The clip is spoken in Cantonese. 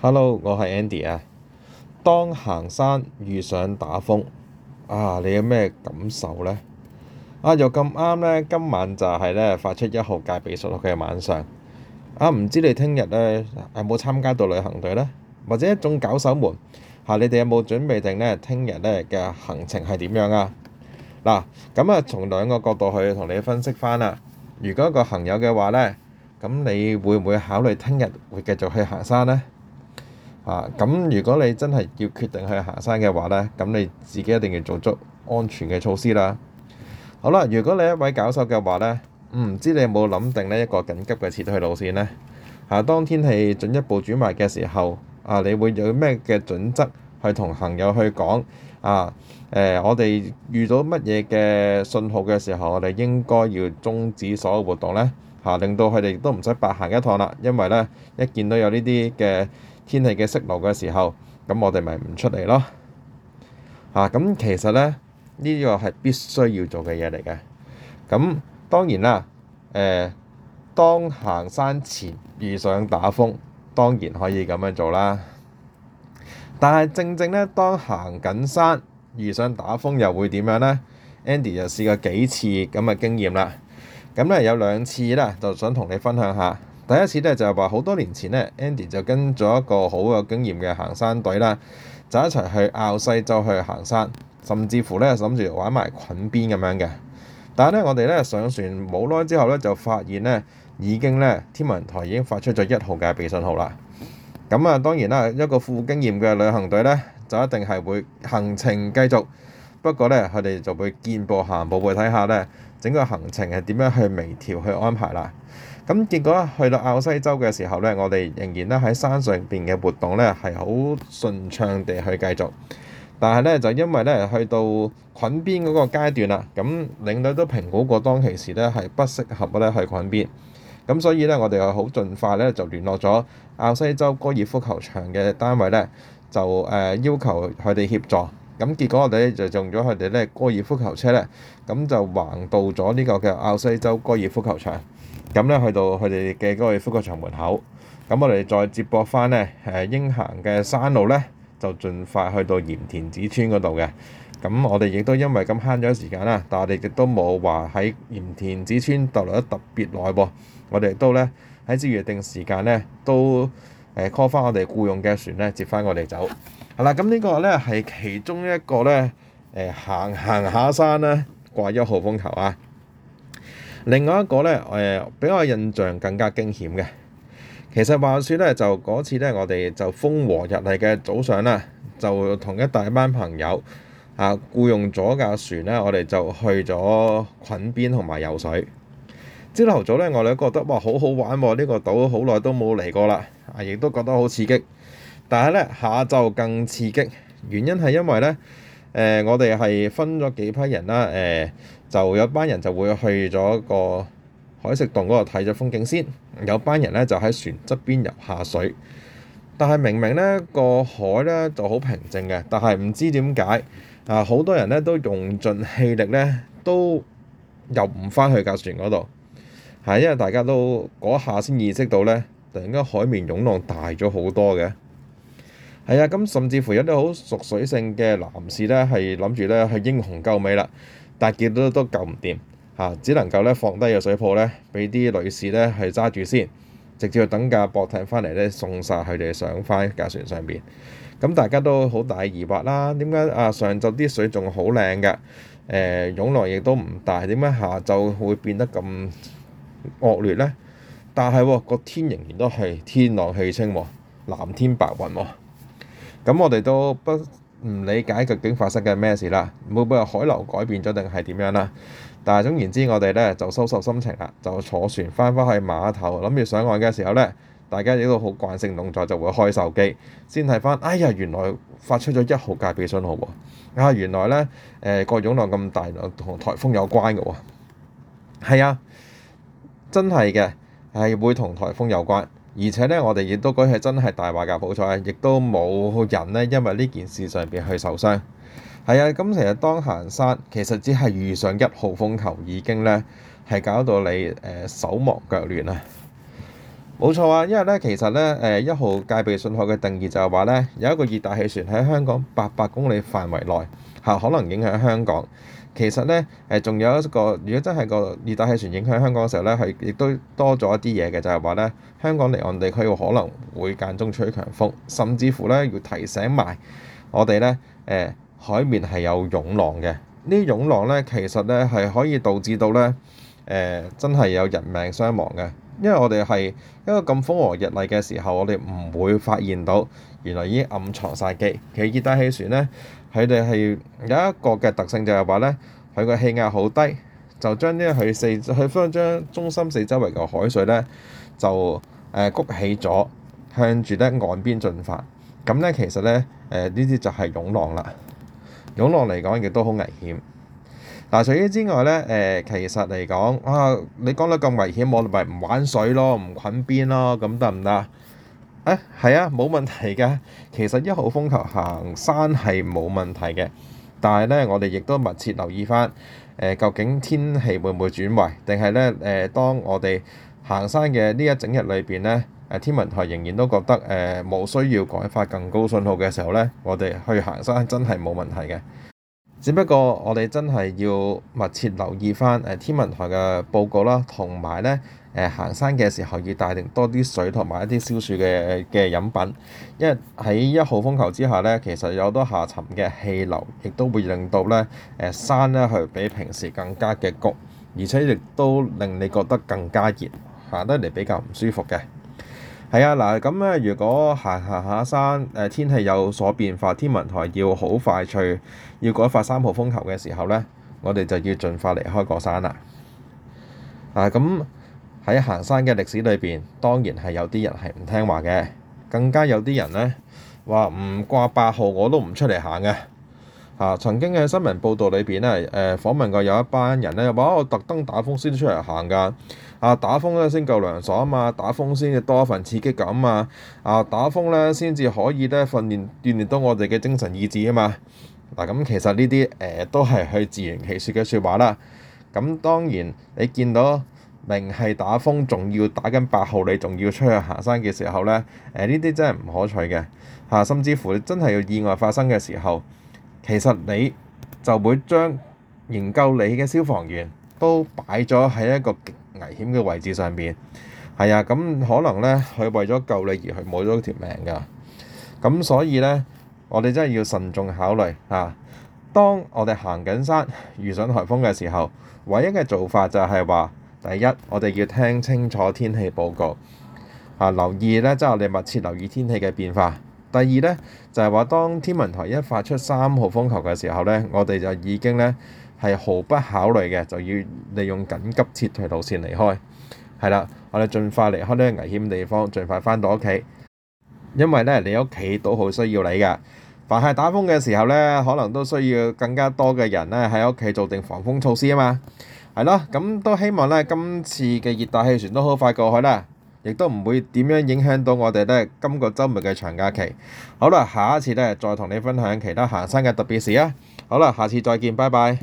Hello，我係 Andy 啊。當行山遇上打風啊，你有咩感受咧？啊，又咁啱咧，今晚就係咧發出一號戒備信號嘅晚上。啊，唔知你聽日咧有冇參加到旅行隊咧？或者一眾搞手門嚇，你哋有冇準備定咧？聽日咧嘅行程係點樣啊？嗱，咁啊，從兩個角度去同你分析翻啦。如果個朋友嘅話咧，咁你會唔會考慮聽日會繼續去行山咧？啊！咁如果你真係要決定去行山嘅話咧，咁你自己一定要做足安全嘅措施啦。好啦，如果你一位攪手嘅話咧，唔知你有冇諗定呢一個緊急嘅撤退路線呢？嚇！當天氣進一步轉壞嘅時候，啊，你會有咩嘅準則去同朋友去講？啊，誒，我哋遇到乜嘢嘅信號嘅時候，我哋應該要中止所有活動呢？嚇！令到佢哋都唔使白行一趟啦，因為咧一見到有呢啲嘅。天氣嘅息怒嘅時候，咁我哋咪唔出嚟咯嚇。咁、啊、其實咧，呢、這個係必須要做嘅嘢嚟嘅。咁當然啦，誒、呃，當行山前遇上打風，當然可以咁樣做啦。但係正正咧，當行緊山遇上打風又會點樣咧？Andy 又試過幾次咁嘅經驗啦。咁咧有兩次啦，就想同你分享下。第一次咧就係話好多年前咧，Andy 就跟咗一個好有經驗嘅行山隊啦，就一齊去奧西洲去行山，甚至乎咧諗住玩埋捆邊咁樣嘅。但係咧，我哋咧上船冇耐之後咧，就發現咧已經咧天文台已經發出咗一號嘅備訊號啦。咁啊，當然啦，一個富經驗嘅旅行隊咧，就一定係會行程繼續。不過咧，佢哋就會見步行步，步，會睇下咧整個行程係點樣去微調去安排啦。咁結果去到滘西洲嘅時候咧，我哋仍然咧喺山上邊嘅活動咧係好順暢地去繼續。但係咧就因為咧去到菌邊嗰個階段啦，咁領隊都評估過當其時咧係不適合咧去菌邊。咁所以咧我哋又好盡快咧就聯絡咗滘西洲高爾夫球場嘅單位咧，就誒要求佢哋協助。咁結果我哋咧就用咗佢哋咧高爾夫球車咧，咁就橫渡咗呢個嘅滘西洲高爾夫球場。咁咧去到佢哋嘅高爾夫球場門口，咁我哋再接駁翻咧誒英行嘅山路咧，就盡快去到鹽田子村嗰度嘅。咁我哋亦都因為咁慳咗時間啦，但係我哋亦都冇話喺鹽田子村逗留得特別耐喎。我哋亦都咧喺至約定時間咧都誒 call 翻我哋僱用嘅船咧接翻我哋走。啦，咁呢個咧係其中一個咧，誒、呃、行行下山咧掛咗一號風球啊。另外一個咧，誒、呃、俾我印象更加驚險嘅，其實話説咧，就嗰次咧，我哋就風和日麗嘅早上啦、啊，就同一大班朋友啊，雇用咗架船咧，我哋就去咗羣邊同埋游水。朝頭早咧，我哋覺得哇，好好玩喎、啊！呢、這個島好耐都冇嚟過啦，啊，亦都覺得好刺激。但係咧，下晝更刺激，原因係因為咧，誒、呃，我哋係分咗幾批人啦，誒、呃，就有班人就會去咗個海蝕洞嗰度睇咗風景先，有班人咧就喺船側邊遊下水。但係明明咧、嗰個海咧就好平靜嘅，但係唔知點解啊，好多人咧都用盡氣力咧都遊唔翻去架船嗰度，係因為大家都嗰下先意識到咧，突然間海面湧浪大咗好多嘅。係啊，咁、嗯、甚至乎有啲好熟水性嘅男士咧，係諗住咧去英雄救美啦，但係見到都救唔掂嚇，只能夠咧放低個水泡咧，俾啲女士咧係揸住先，直接去等架駁艇翻嚟咧送晒佢哋上翻架船上邊。咁、嗯、大家都好大疑惑啦，點解啊上晝啲水仲好靚㗎，誒湧浪亦都唔大，點解下晝會變得咁惡劣咧？但係個、哦、天仍然都係天朗氣清、啊，藍天白雲喎、啊。咁我哋都不唔理解究竟發生嘅咩事啦，唔辦法海流改變咗定係點樣啦。但係總言之我呢，我哋咧就收拾心情啦，就坐船翻返去碼頭，諗住上岸嘅時候咧，大家一個好慣性動作就會開手機，先睇翻。哎呀，原來發出咗一號戒備信號喎。啊，原來咧，誒個湧浪咁大，同颱風有關嘅喎。係啊，真係嘅，係會同颱風有關。而且咧，我哋亦都嗰係真係大話噶，好彩，亦都冇人咧，因為呢件事上邊去受傷。係啊，咁其實當行山，其實只係遇上一號風球已經咧，係搞到你誒手忙腳亂啊！冇錯啊，因為咧，其實咧誒一號戒備信號嘅定義就係話咧，有一個熱帶氣旋喺香港八百公里範圍內嚇，可能影響香港。其實咧，誒仲有一個，如果真係個熱帶氣旋影響香港嘅時候咧，係亦都多咗一啲嘢嘅，就係話咧，香港離岸地區可能會間中吹強風，甚至乎咧要提醒埋我哋咧，誒、呃、海面係有湧浪嘅，湧浪呢啲湧浪咧其實咧係可以導致到咧，誒、呃、真係有人命傷亡嘅。因為我哋係一個咁風和日麗嘅時候，我哋唔會發現到原來已經暗藏晒機。其實熱帶氣旋咧，佢哋係有一個嘅特性就，就係話咧，佢個氣壓好低，就將呢個佢四佢將將中心四周圍嘅海水咧，就誒谷起咗，向住咧岸邊進發。咁咧其實咧誒呢啲、呃、就係湧浪啦。湧浪嚟講亦都好危險。但除咗之外咧，誒、呃，其實嚟講，啊，你講得咁危險，我咪唔玩水咯，唔滾邊咯，咁得唔得啊？誒，係啊，冇問題嘅。其實一號風球行山係冇問題嘅，但係咧，我哋亦都密切留意翻，誒、呃，究竟天氣會唔會轉壞？定係咧，誒、呃，當我哋行山嘅呢一整日裏邊咧，誒，天文台仍然都覺得誒冇、呃、需要改發更高信號嘅時候咧，我哋去行山真係冇問題嘅。只不過我哋真係要密切留意返誒天文台嘅報告啦，同埋咧誒行山嘅時候要帶定多啲水同埋一啲消暑嘅嘅飲品，因為喺一號風球之下咧，其實有好多下沉嘅氣流，亦都會令到咧誒山咧係比平時更加嘅焗，而且亦都令你覺得更加熱，行得嚟比較唔舒服嘅。係啊，嗱咁咧，如果行行下山，誒天氣有所變化，天文台要好快脆，要改發三號風球嘅時候咧，我哋就要盡快離開個山啦。啊，咁喺行山嘅歷史裏邊，當然係有啲人係唔聽話嘅，更加有啲人咧話唔掛八號我都唔出嚟行嘅。嚇、啊！曾經喺新聞報道裏邊咧，誒、呃、訪問過有一班人咧，話我特登打風先出嚟行㗎。啊，打風咧先夠涼爽啊嘛，打風先至多一份刺激感啊嘛，啊打風咧先至可以咧訓練鍛鍊到我哋嘅精神意志啊嘛。嗱、啊、咁、啊、其實呢啲誒都係去自圓其説嘅説話啦。咁、啊、當然你見到明係打風，仲要打緊八號，你仲要出去行山嘅時候咧，誒呢啲真係唔可取嘅。嚇、啊，甚至乎真係要意外發生嘅時候。其實你就會將營救你嘅消防員都擺咗喺一個極危險嘅位置上邊，係啊，咁可能咧佢為咗救你而去冇咗條命㗎。咁所以咧，我哋真係要慎重考慮吓，啊。當我哋行緊山遇上颱風嘅時候，唯一嘅做法就係話，第一我哋要聽清楚天氣報告，啊，留意咧，即係我哋密切留意天氣嘅變化。第二咧就係話，當天文台一發出三號風球嘅時候咧，我哋就已經咧係毫不考慮嘅，就要利用緊急撤退路線離開，係啦，我哋盡快離開呢個危險地方，盡快翻到屋企，因為咧你屋企都好需要你噶。凡係打風嘅時候咧，可能都需要更加多嘅人咧喺屋企做定防風措施啊嘛，係咯，咁都希望咧今次嘅熱帶氣旋都好快過去啦。亦都唔會點樣影響到我哋呢今個周末嘅長假期。好啦，下一次呢再同你分享其他行山嘅特別事啊。好啦，下次再見，拜拜。